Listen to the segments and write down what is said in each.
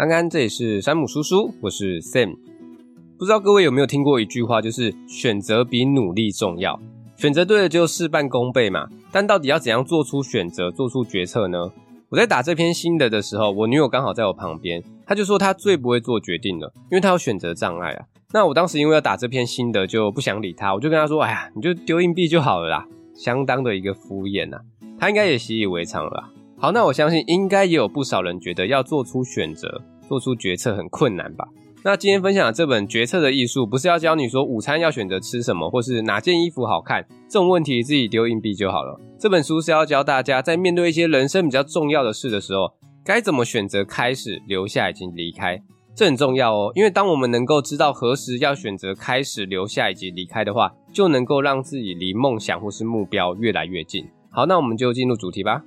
安安，這裡是山姆叔叔，我是 Sam。不知道各位有沒有聽過一句話，就是選擇比努力重要，選擇對了就事半功倍嘛。但到底要怎樣做出選擇、做出決策呢？我在打這篇心得的時候，我女友剛好在我旁邊，她就說她最不會做決定了，因為她有選擇障礙啊。那我當時因為要打這篇心得，就不想理她，我就跟她說：“哎呀，你就丟硬幣就好了啦。”相當的一個敷衍吶、啊。她應該也習以為常了啦。好，那我相信應該也有不少人覺得要做出選擇。做出決策很困難吧？那今天分享的這本《決策的藝術》不是要教你說午餐要選擇吃什麼，或是哪件衣服好看這種問題，自己丟硬幣就好了。這本書是要教大家在面對一些人生比較重要的事的時候，該怎麼選擇開始、留下以及離開，這很重要哦。因為當我們能夠知道何時要選擇開始、留下以及離開的話，就能夠讓自己離夢想或是目標越來越近。好，那我們就進入主題吧。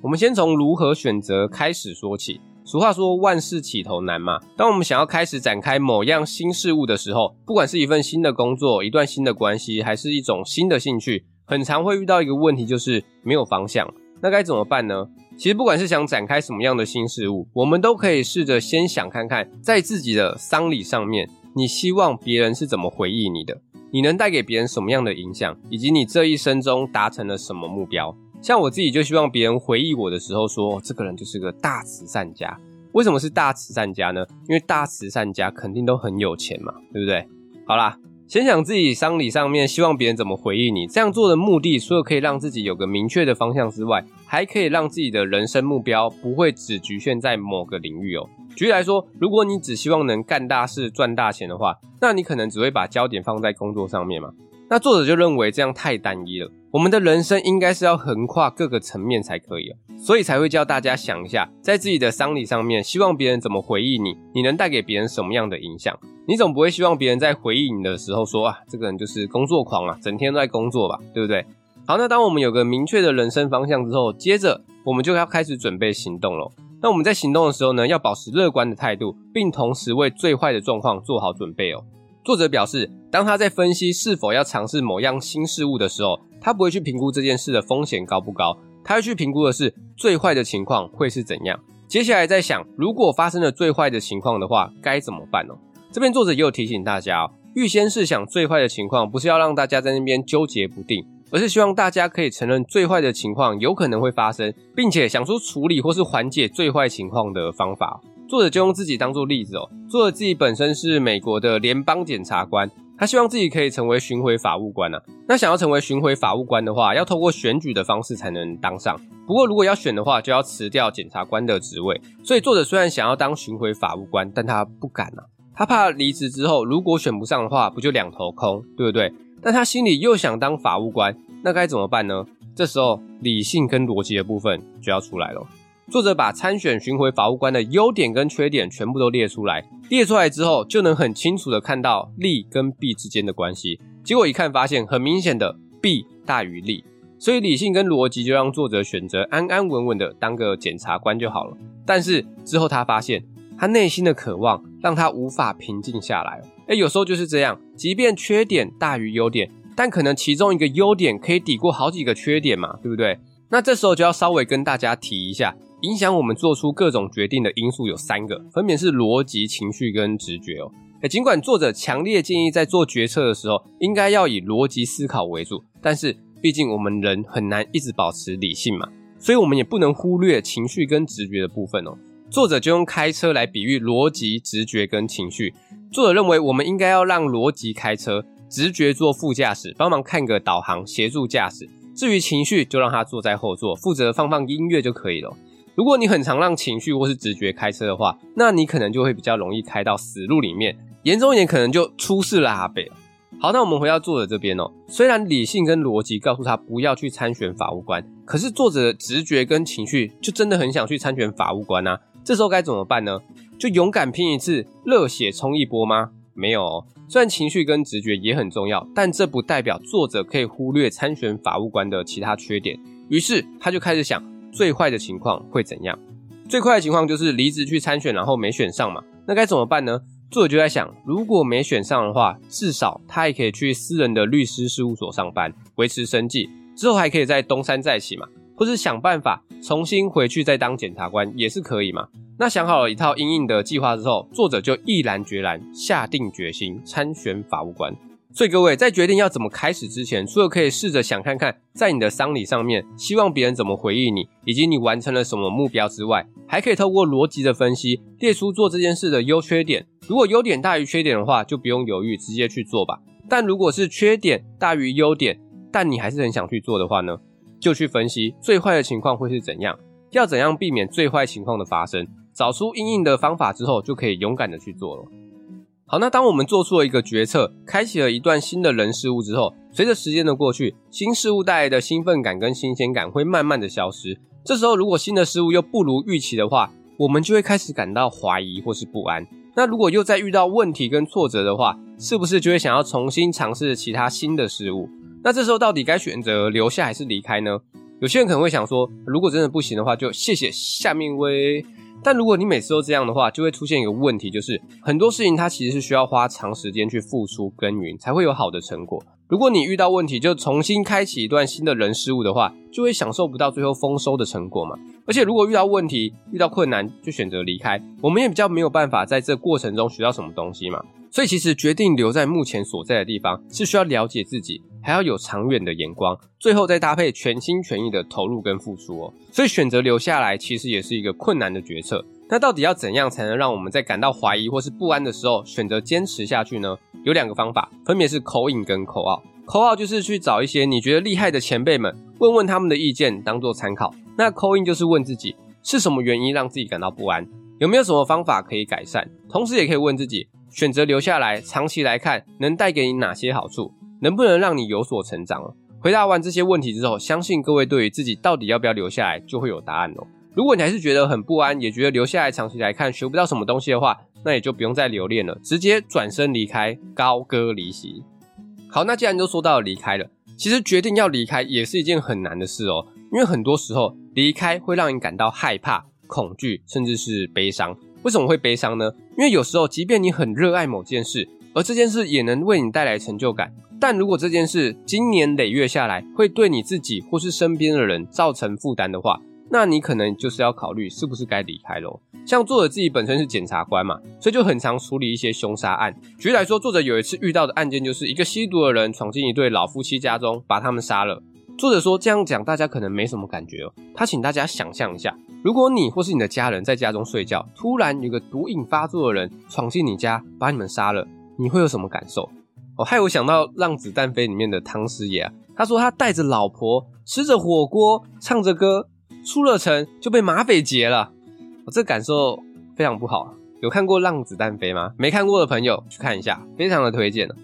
我們先從如何選擇開始說起。俗話說，萬事起頭難嘛。當我們想要開始展開某樣新事物的時候，不管是一份新的工作、一段新的關係，還是一種新的興趣，很常會遇到一個問題，就是沒有方向。那該怎麼辦呢？其實不管是想展開什麼樣的新事物，我們都可以試着先想看看，在自己的喪禮上面，你希望別人是怎麼回憶你的？你能帶給別人什麼樣的影響，以及你這一生中達成了什麼目標？像我自己就希望別人回憶我的時候說，哦，這個人就是個大慈善家。為什麼是大慈善家呢？因為大慈善家肯定都很有錢嘛，對不對？好啦，先想自己喪禮上面希望別人怎麼回憶你，這樣做的目的除了可以讓自己有個明確的方向之外，還可以讓自己的人生目標不會只局限在某個領域哦、喔。舉例來說，如果你只希望能幹大事，賺大錢的話，那你可能只會把焦點放在工作上面嘛。那作者就認為這樣太單一了，我們的人生應該是要橫跨各個層面才可以哦、喔，所以才會教大家想一下，在自己的喪禮上面，希望別人怎麼回憶你，你能帶給別人什麼樣的影響？你總不會希望別人在回憶你的時候說啊，這個人就是工作狂啊，整天都在工作吧，對不對？好，那當我們有個明確的人生方向之後，接着我們就要開始準備行動了。那我們在行動的時候呢，要保持樂觀的態度，並同時為最壞的狀況做好準備哦、喔。作者表示，當他在分析是否要嘗試某樣新事物的時候，他不會去評估這件事的風險高不高，他要去評估的是最壞的情況會是怎樣。接下來在想，如果發生了最壞的情況的話，該怎麼辦呢？這邊作者也有提醒大家，預先設想最壞的情況，不是要讓大家在那邊糾結不定，而是希望大家可以承認最壞的情況有可能會發生，並且想出處理或是緩解最壞情況的方法。作者就用自己當做例子哦。作者自己本身是美國的聯邦檢察官，他希望自己可以成為巡迴法務官呢、啊。那想要成為巡迴法務官的話，要透過選舉的方式才能當上。不過如果要選的話，就要辭掉檢察官的職位。所以作者雖然想要當巡迴法務官，但他不敢啊。他怕離職之後如果選不上的話，不就兩頭空，對不對？但他心裡又想當法務官，那該怎麼辦呢？這時候理性跟邏輯的部分就要出來了。作者把參選巡迴法務官的優點跟缺點全部都列出來，列出來之後就能很清楚的看到利跟弊之間的關係。結果一看發現，很明顯的弊大於利，所以理性跟邏輯就讓作者選擇安安穩穩的當個檢察官就好了。但是之後他發現，他內心的渴望讓他無法平靜下來。哎、欸，有時候就是這樣，即便缺點大於優點，但可能其中一個優點可以抵過好幾個缺點嘛，對不對？那這時候就要稍微跟大家提一下。影響我們做出各種決定的因素有三個，分別是邏輯、情緒跟直覺哦、喔欸。哎，儘管作者強烈建議在做決策的時候應該要以邏輯思考為主，但是畢竟我們人很難一直保持理性嘛，所以我們也不能忽略情緒跟直覺的部分哦、喔。作者就用開車來比喻邏輯、直覺跟情緒。作者認為我們應該要讓邏輯開車，直覺坐副駕駛，幫忙看個導航，協助駕駛，至於情緒就讓他坐在後座，負責放放音樂就可以了、喔。如果你很常讓情緒或是直覺開車的話，那你可能就會比較容易開到死路裡面，嚴重一點可能就出事了阿伯。好，那我們回到作者這邊哦。雖然理性跟邏輯告訴他不要去參選法務官，可是作者的直覺跟情緒就真的很想去參選法務官啊。這時候該怎麼辦呢？就勇敢拼一次，熱血衝一波嗎？沒有哦。雖然情緒跟直覺也很重要，但這不代表作者可以忽略參選法務官的其他缺點。於是他就開始想。最壞的情況會怎樣？最壞的情況就是離職去參選，然後沒選上嘛。那該怎麼辦呢？作者就在想，如果沒選上的話，至少他也可以去私人的律師事務所上班，維持生計。之後還可以再東山再起嘛，或是想辦法重新回去再當檢察官也是可以嘛。那想好了一套因應的計劃之後，作者就毅然決然下定決心參選法務官。所以各位在決定要怎麼開始之前，除了可以試着想看看在你的喪禮上面希望別人怎麼回憶你，以及你完成了什麼目標之外，還可以透過邏輯的分析列出做這件事的優缺點。如果優點大於缺點的話，就不用猶豫，直接去做吧。但如果是缺點大於優點，但你還是很想去做的話呢？就去分析最壞的情況會是怎樣，要怎樣避免最壞情況的發生，找出因應的方法之後，就可以勇敢的去做了。好，那當我們做出了一個決策，開啟了一段新的人事物之後，隨着時間的過去，新事物帶來的興奮感跟新鮮感會慢慢的消失。這時候，如果新的事物又不如預期的話，我們就會開始感到懷疑或是不安。那如果又再遇到問題跟挫折的話，是不是就會想要重新嘗試其他新的事物？那這時候到底該選擇留下還是離開呢？有些人可能會想說，如果真的不行的話，就謝謝下一位。但，如果你每次都這樣的話，就會出現一個問題，就是很多事情它其實是需要花長時間去付出耕耘，才會有好的成果。如果你遇到問題就重新開啟一段新的人事物的話，就會享受不到最後豐收的成果嘛。而且如果遇到問題、遇到困難就選擇離開，我們也比較沒有辦法在這過程中學到什麼東西嘛。所以其實決定留在目前所在的地方，是需要了解自己，還要有長遠的眼光，最後再搭配全心全意的投入跟付出哦。所以選擇留下來其實也是一個困難的決策。那到底要怎樣才能讓我們在感到懷疑或是不安的時候選擇堅持下去呢？有兩個方法，分別是 call in 跟 call out。Call out 就是去找一些你覺得厲害的前輩們，問問他們的意見，當做參考。那 call in 就是問自己是什麼原因讓自己感到不安，有沒有什麼方法可以改善？同時也可以問自己，選擇留下來，長期來看能帶給你哪些好處？能不能讓你有所成長啊？回答完這些問題之後，相信各位對於自己到底要不要留下來就會有答案哦、喔。如果你還是覺得很不安，也覺得留下來長期來看學不到什麼東西的話，那也就不用再留戀了，直接轉身離開，高歌離席。好，那既然都說到離開了，其實決定要離開也是一件很難的事哦、喔，因為很多時候離開會讓你感到害怕、恐懼，甚至是悲傷。為什麼會悲傷呢？因為有時候即便你很熱愛某件事，而這件事也能為你帶來成就感。但如果這件事經年累月下來，會對你自己或是身邊的人造成負擔的話，那你可能就是要考慮是不是該離開嘍、喔。像作者自己本身是檢察官嘛，所以就很常處理一些凶殺案。舉例來說，作者有一次遇到的案件就是一個吸毒的人闖進一對老夫妻家中，把他們殺了。作者說這樣講大家可能沒什麼感覺哦、喔，他請大家想象一下，如果你或是你的家人在家中睡覺，突然有個毒癮發作的人闖進你家，把你們殺了，你會有什麼感受？哦，害我想到《讓子彈飛》裡面的湯師爺啊，他說他帶着老婆吃着火鍋，唱着歌出了城，就被馬匪劫了。我、哦、這感受非常不好、啊。有看過《讓子彈飛》嗎？沒看過的朋友去看一下，非常的推薦、哦、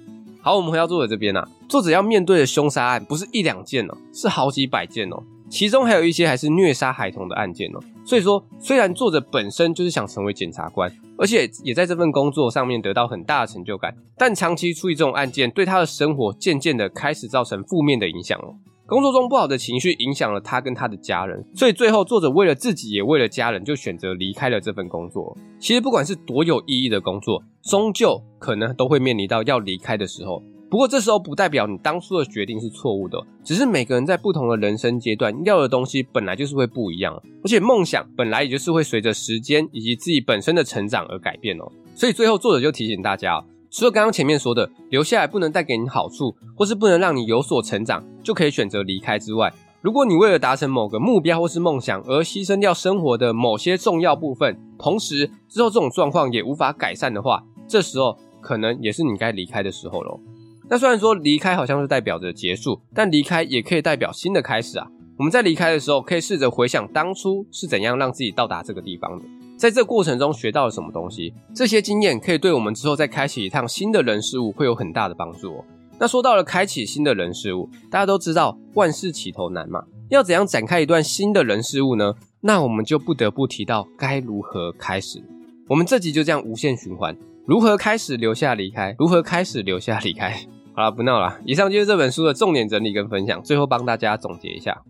好，我們回到作者這邊啊，作者要面對的凶殺案不是一兩件哦，是好幾百件哦，其中還有一些還是虐殺孩童的案件哦。所以說，雖然作者本身就是想成為檢察官。而且也在這份工作上面得到很大的成就感，但長期處理這種案件，對他的生活漸漸的開始造成負面的影響了。工作中不好的情緒影響了他跟他的家人，所以最後作者為了自己也為了家人，就選擇離開了這份工作。其實不管是多有意義的工作，終究可能都會面臨到要離開的時候。不過這時候不代表你當初的決定是錯誤的，只是每個人在不同的人生階段要的東西本來就是會不一樣，而且夢想本來也就是會隨着時間以及自己本身的成長而改變哦。所以最後作者就提醒大家哦，除了剛剛前面說的留下來不能帶給你好處或是不能讓你有所成長，就可以選擇離開之外，如果你為了達成某個目標或是夢想而犧牲掉生活的某些重要部分，同時之後這種狀況也無法改善的話，這時候可能也是你該離開的時候嘍。那雖然說離開好像是代表着結束，但離開也可以代表新的開始啊。我們在離開的時候，可以試着回想當初是怎樣讓自己到達這個地方的，在這過程中學到了什麼東西，這些經驗可以對我們之後再開啟一趟新的人事物會有很大的幫助哦。那說到了開啟新的人事物，大家都知道萬事起頭難嘛，要怎樣展開一段新的人事物呢？那我們就不得不提到該如何開始。我們這集就這樣無限循環，如何開始留下離開？如何開始留下離開？好了，不鬧了。以上就是這本書的重點整理跟分享。最後幫大家總結一下，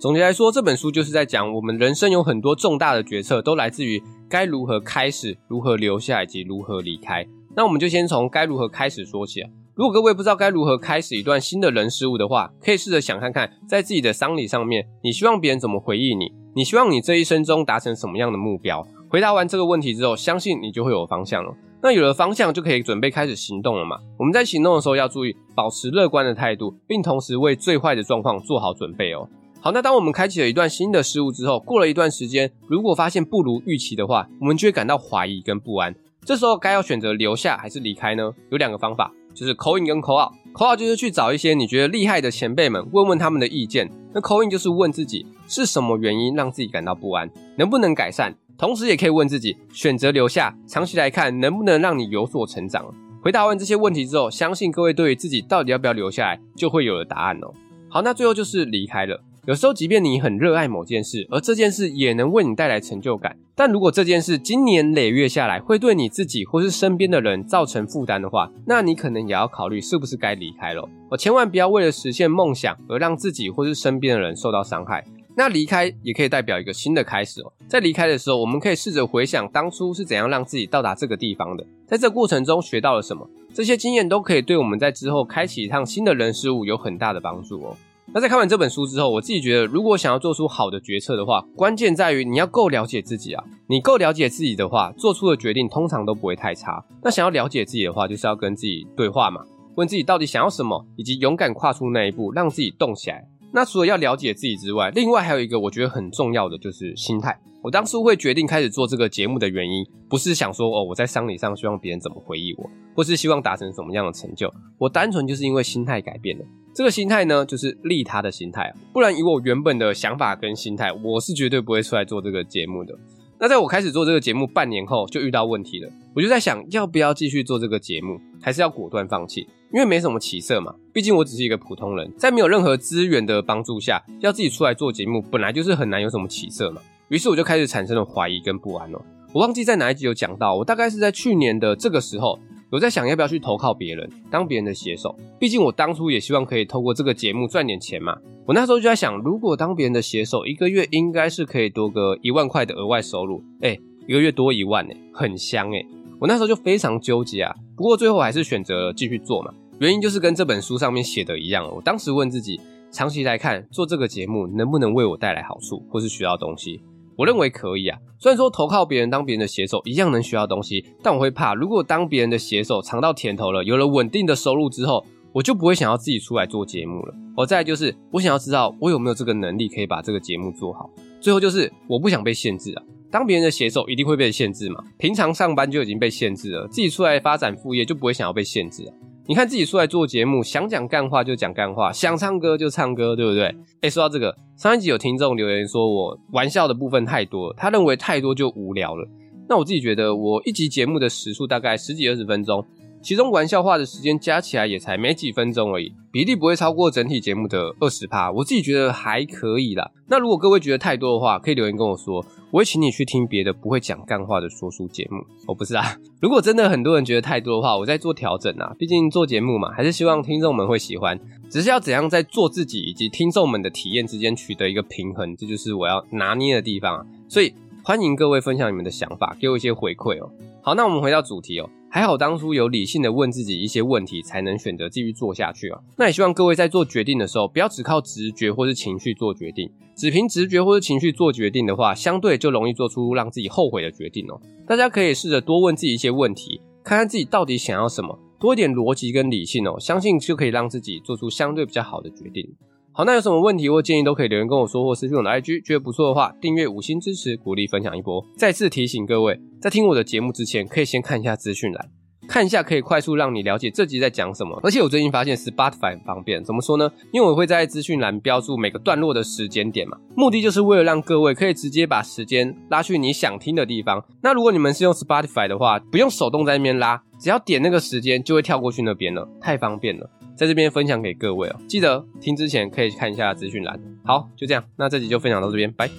總結來說，這本書就是在講我們人生有很多重大的決策都來自於該如何開始、如何留下以及如何離開。那我們就先從該如何開始說起。如果各位不知道該如何開始一段新的人事物的話，可以試着想看看，在自己的喪禮上面，你希望別人怎麼回憶你？你希望你這一生中達成什麼樣的目標？回答完這個問題之後，相信你就會有方向了。那有了方向，就可以準備開始行動了嘛。我們在行動的時候要注意保持樂觀的態度，並同時為最壞的狀況做好準備哦。好，那當我們開啟了一段新的事物之後，過了一段時間，如果發現不如預期的話，我們就會感到懷疑跟不安。這時候該要選擇留下還是離開呢？有兩個方法，就是 call in 跟 call out。call out 就是去找一些你覺得厲害的前輩們，問問他們的意見。那 call in 就是問自己，是什麼原因讓自己感到不安，能不能改善？同時也可以問自己，選擇留下，長期來看能不能讓你有所成長？回答完這些問題之後，相信各位對於自己到底要不要留下來，就會有了答案哦。好，那最後就是離開了。有時候，即便你很熱愛某件事，而這件事也能為你帶來成就感，但如果這件事經年累月下來，會對你自己或是身邊的人造成負擔的話，那你可能也要考慮是不是該離開了。我千萬不要為了實現夢想而讓自己或是身邊的人受到傷害。那離開也可以代表一個新的開始哦。在離開的時候，我們可以試着回想當初是怎樣讓自己到達這個地方的，在這個過程中學到了什麼，這些經驗都可以對我們在之後開啟一趟新的人事物有很大的幫助哦。那在看完這本書之後，我自己覺得，如果想要做出好的決策的話，關鍵在於你要夠了解自己啊。你夠了解自己的話，做出的決定通常都不會太差。那想要了解自己的話，就是要跟自己對話嘛，問自己到底想要什麼，以及勇敢跨出那一步，讓自己動起來。那除了要了解自己之外，另外還有一個我覺得很重要的就是心態。我當初會決定開始做這個節目的原因，不是想說哦，我在喪禮上希望別人怎麼回憶我，或是希望達成什麼樣的成就，我單純就是因為心態改變了。這個心態呢，就是利他的心態。不然以我原本的想法跟心態，我是絕對不會出來做這個節目的。那在我開始做這個節目半年後，就遇到問題了，我就在想，要不要繼續做這個節目，還是要果斷放棄。因為沒什麼起色嘛，畢竟我只是一個普通人，在沒有任何資源的幫助下，要自己出來做節目，本來就是很難有什麼起色嘛。於是我就開始產生了懷疑跟不安哦。我忘記在哪一集有講到，我大概是在去年的這個時候，有在想要不要去投靠別人，當別人的寫手。畢竟我當初也希望可以透過這個節目賺點錢嘛。我那時候就在想，如果當別人的寫手，一個月應該是可以多個一萬塊的額外收入。哎，一個月多一萬欸，很香欸。我那時候就非常糾結啊。不過最後還是選擇繼續做嘛，原因就是跟這本書上面寫的一樣。我當時問自己，長期來看，做這個節目能不能為我帶來好處，或是學到東西？我認為可以啊。雖然說投靠別人當別人的寫手，一樣能學到東西，但我會怕，如果當別人的寫手嘗到甜頭了，有了穩定的收入之後，我就不會想要自己出來做節目了。我再來就是，我想要知道我有沒有這個能力可以把這個節目做好。最後就是，我不想被限制啊。當別人的寫手一定會被限制嘛？平常上班就已經被限制了，自己出來發展副業就不會想要被限制了。你看自己出來做節目，想講幹話就講幹話，想唱歌就唱歌，對不對？哎、欸，說到這個，上一集有聽眾留言說我玩笑的部分太多，他認為太多就無聊了。那我自己覺得，我一集節目的時數大概十幾二十分鐘，其中玩笑話的時間加起來也才沒幾分鐘而已。一定不會超過整體節目的二十趴，我自己覺得還可以啦。那如果各位覺得太多的話，可以留言跟我說，我會請你去聽別的不會講幹話的說書節目。哦，我不是啊，如果真的很多人覺得太多的話，我在做調整啊。畢竟做節目嘛，還是希望聽眾們會喜歡。只是要怎樣在做自己以及聽眾們的體驗之間取得一個平衡，這就是我要拿捏的地方啊。所以。歡迎各位分享你們的想法，給我一些回饋哦。好，那我們回到主題哦。還好當初有理性的問自己一些問題，才能選擇繼續做下去哦。那也希望各位在做決定的時候，不要只靠直覺或是情緒做決定。只憑直覺或是情緒做決定的話，相對就容易做出讓自己後悔的決定哦。大家可以試着多問自己一些問題，看看自己到底想要什麼，多一點邏輯跟理性哦。相信就可以讓自己做出相對比較好的決定。好，那有什麼問題或建議都可以留言跟我說，或私訊我的 IG。覺得不錯的話，訂閱五星支持，鼓勵分享一波。再次提醒各位，在聽我的節目之前，可以先看一下資訊欄，看一下可以快速讓你了解這集在講什麼。而且我最近發現 Spotify 很方便，怎麼說呢？因為我會在資訊欄標注每個段落的時間點嘛，目的就是為了讓各位可以直接把時間拉去你想聽的地方。那如果你們是用 Spotify 的話，不用手動在那邊拉，只要點那個時間就會跳過去那邊了，太方便了。在這邊分享給各位哦、喔，記得聽之前可以看一下資訊欄。好，就這樣，那這集就分享到這邊，拜。